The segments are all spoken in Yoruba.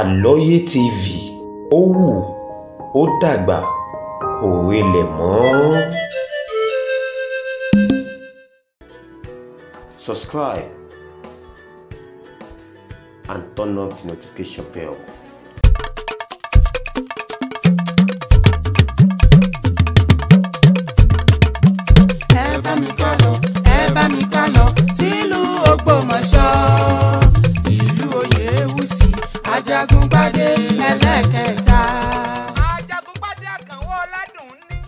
Àlọ́yé TV ó wù ó dàgbà kò relẹ̀ mọ́. Subscribe and turn up the notification bell. ẹ bá mi ká lọ ẹ bá mi ká lọ sílùú ọ̀ṣọ́ ìlú Oyèwùsì Ajagungbadé ẹlẹ́kẹta. Ajagungbadé Àkànwọ́ Ọládùn ní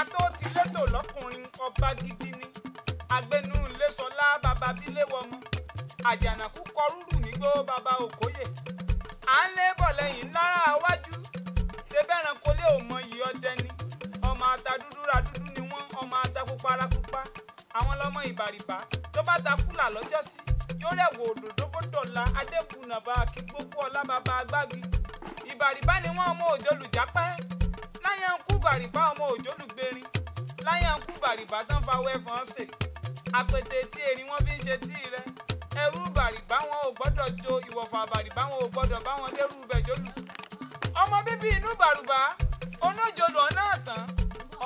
ató ti létò lọ́kùnrin ọba gidi ni agbẹnu ńlẹ́sọ̀lá bàbá bílé wọmọ àjànàkú kọrúrù nígbó bàbá òkóyè à ń lé bọ̀ lẹ́yìn lára iwájú ṣe bẹ́ẹ̀ràn kólé òmọ yìí ọdẹ ni ọmọ ata dúdú ra dúdú ni wọ́n ọmọ ata pupa ra pupa àwọn lọmọ ìbàrìbà tó bá ta fúlà lọ́jọ́sí yóò rẹ̀wò òdòdó bódòlà adékùnàbà akígbókù ọlábàbà agbági ìbàrìbà ni wọ́n ọmọ òjòlùjápẹ́ láyé ń bàrìbà ọmọ òjòlùgbèrin láyé ń bàrìbà tán fa wẹ́fọ̀n ṣe àpètè tí erin wọn fi ń ṣe tíì rẹ ẹrú bàrìbà wọn ò gbọ́dọ̀ jo ìwọ̀fà bàrìbà wọn ò gbọ́dọ̀ bá wọn dẹ́rù bẹ̀jọ́lù ọmọ bíbí inú bàrùbà onójolù ọ̀nà àtàn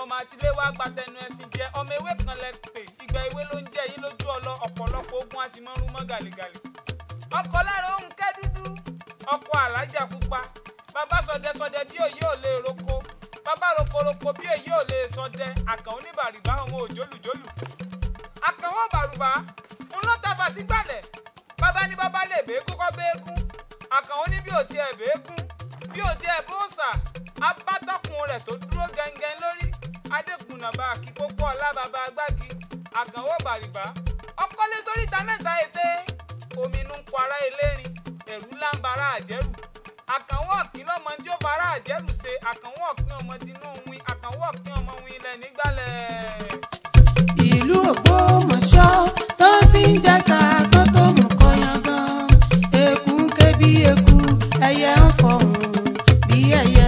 ọmọ àtìlẹ́wà gbatẹnu ẹ̀sìn jẹ ọmọ ewé kan lẹ pè ìgbà èwe ló ń jẹ́ yín lójú ọlọ ọ̀pọ̀lọpọ̀ ogun a sì mọ́ rúmọ́ gàlìgàlì. ọkọ lára òun kẹ́ dúdú ọkọ alájà pupa bàbá sọdẹsọdẹ bí òye ò lè roko bàbá rokoroko bí èyí ò lè sọdẹ àkàn oníbàrìbá òun ò jólùjólù. àkàn wọn bàrùbá ń lọ tàfà sí gbàlẹ̀ bàbá ní bàbá lè béèkú kọ́ béèkú àkàn ó ní bí ò tiẹ̀ béèkú bí ò tiẹ̀ bóòsà abátọ́kùn rẹ̀ tó dúró gẹ́ngẹ́n lórí adékùnà bá kíkókó ọlá bàbá agbági àgànwó bàrìbá ọkọ́lé sóríta mẹ́ta ètè omi inú ń pọ ara elérin ẹ̀rú ńlá ń bara àjẹrù àkànwọ́ ọ̀kín lọ́mọ tí ó bara àjẹrù ṣe àkànwọ́ ọ̀kín ọmọ tinú win àkànwọ́ ọ̀kín ọmọ win ilẹ̀ nígbàlẹ̀. ìlú Ògbómọ̀ṣọ́ tó ti ń jàgbá kan tó mú kọyàn gan eku ń ké bí eku ẹyẹ ń fọhùn bí ẹyẹ.